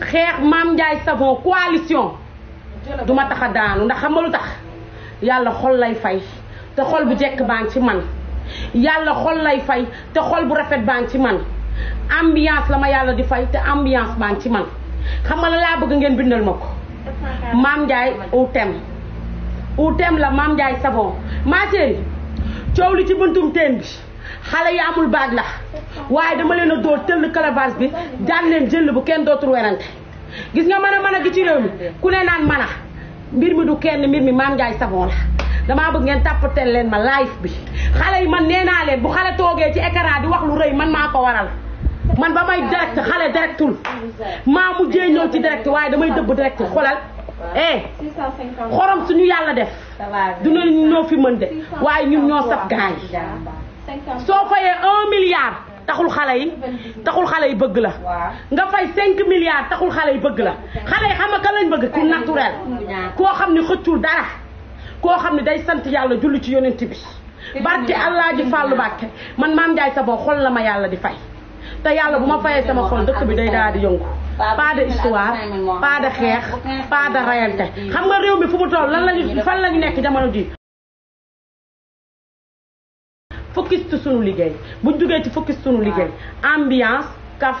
xeex Mame Ndiaye Savon coalition du ma tax a daanu ndax xam tax yàlla xol lay fay te xol bu jekk baa ngi ci man yàlla xol lay fay te xol bu rafet baa ngi ci man ambiance la ma yàlla di fay te ambiance baa ngi ci man xam nga la laa bëgg ngeen bindal ma ko Mame Ndiaye au thème au thème la Mame Ndiaye Savon maa coow li ci buntum teen xale yi amul baag la waaye dama leen a dóor tëll calavage bi daan leen jël bu kenn dootul werante gis nga man a mën a gi ci réew mi ku ne naan man a mbir mi du kenn mbir mi Mame Ndiaye Savon la damaa bëgg ngeen tàppatel leen ma live bi xale yi man nee naa leen bu xale toogee ci écran di wax lu rëy man maa ko waral man ba may direct xale directul maa mujjee ñëw ci direct waaye damay dëbb direct xoolal eh xorom suñu yàlla def du ñoo fi waaye ñun ñoo saf soo fayee un milliard taxul xale yi taxul xale yi bëgg la nga fay cinq milliards taxul xale yi bëgg la xale yi xam nga kan lañ bëgg ku naturel koo xam ne xëccul dara koo xam ne day sant yàlla julli ci yonent bi barke allah ji fàllu bàkke man maam Ndiaye sa boo xol la ma yàlla di fay te yàlla bu ma fayee sama xol dëkk bi day daal di yëngu pas de histoire pas de xeex pas de xam nga réew mi fu mu toll lan lañu fan lañu nekk jamono ji focus ci sunu liggéey buñ duggee ci focus sunu liggéey ambiance kaf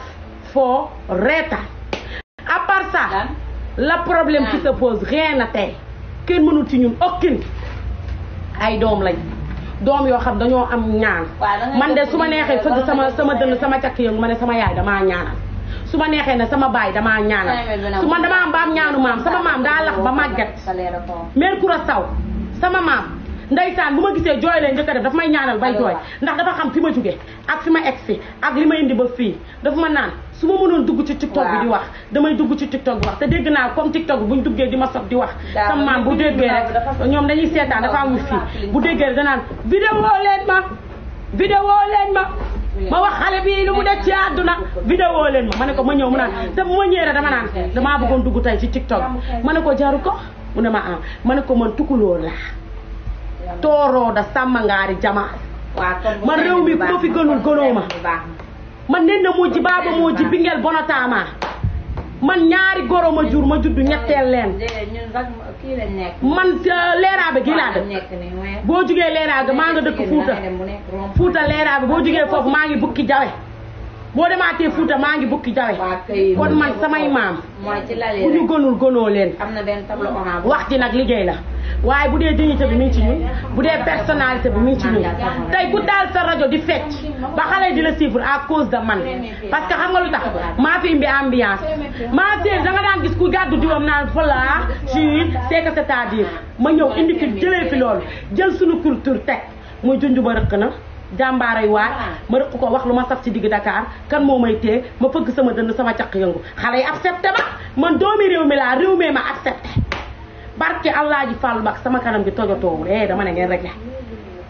foo reeta à part la problème qui ah. se pose rien na tey kenn mënul ci ñun aucune ay doom lañ doom yoo xam dañoo am ñaan man de su ma neexee fëgg sama sama dënn sama cakk yëngu ma ne sama yaay damaa ñaanal su ma neexee ne sama baay damaa ñaanal su ma damaa am ba am ñaanu maam sama maam daa lax ba màggat mère Koura Sow sama maam ndeysaan bu ma gisee jooy lay njëkk daf may ñaanal bay jooy ndax dafa xam fi ma jóge ak fi ma egg si ak li ma indi ba fii dafa ma naan su ma mënoon dugg ci tiktok bi di wax damay dugg ci tiktok bi wax te dégg naa comme tiktok bi buñ duggee di ma sob di wax sama maam bu déggee rek ñoom dañuy seetaan dafa am fii bu déggee rek danaan vidéo leen ma vidéo leen ma ma wax xale bii lu mu def ci àdduna vidéo leen ma ma ne ko ma ñëw mu naan te bu dama naan damaa bëggoon dugg tey ci tiktok ma ne ko jaru ko mu ne ma am ah. ma ne ko man tukuloo laa toorooda sàmmangaari jamaar man réew mi ma fi gënul gënoo ma man nen na moo ji baaba moo ji bingel man ñaari goro ma jur ma judd ñetteel leen man euh, leeraabe gii laa dëkk boo jugee leeraabe maa nga dëkk Fuuta Fuuta leeraabe boo jugee foofu maa ngi bukki jawe boo demaatee Fuuta maa ngi bukki jawe kon man samay maam bu ñu gënul gënoo leen wax ji nag liggéey la waye boudé dignité bi mi ci ñun boudé personnalité bi mi ci ñun tay ku dal sa radio di fecc ba xalé di la suivre à cause de man parce que xam nga lutax ma fi imbi ambiance ma séer da nga daan gis ku di wam naan voilà ci c'est que c'est-à-dire ma ñew indi fi jëlé fi lool jël suñu culture tek muy jundju ba rek na jambaray wa ma rek ko wax luma saf ci digg Dakar kan moo may ma fëgg sama dënd sama caq yëngu xalé accepté ma man doomi réew mi la réew mi ma accepté barke Alaaji Fàllu Mbàkke sama kanam gi tojotoowu eh dama ne ngeen rek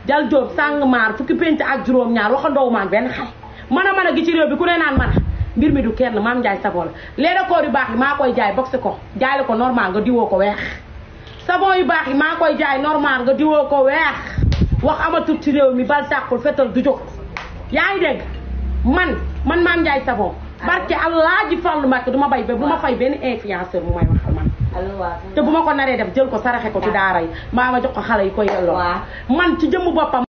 jal joob sàng maar fukki pénc ak juróom-ñaar waxandoo maan benn xale mën a gi ci réew bi ku ne naan mën a mbir mi du kenn maam Ndiaye savon la léegi yu baax yi maa koy jaay boxe ko jaay ko normal nga diwoo ko weex savon yu baax yi maa koy jaay normal nga diwoo ko weex wax amatul ci réew mi bal tàqul fetal du jóg yaa ngi man man maam Ndiaye savon ah. barke Alaaji Fàllu Mbàkke du ma bay ba du ma fay benn influenceur mu may wax te bu ma ko naree def jël ko saraxe ko ci ah. daaray yi maa ma jox ko xale yi ko yelloo man ci jëmm boppam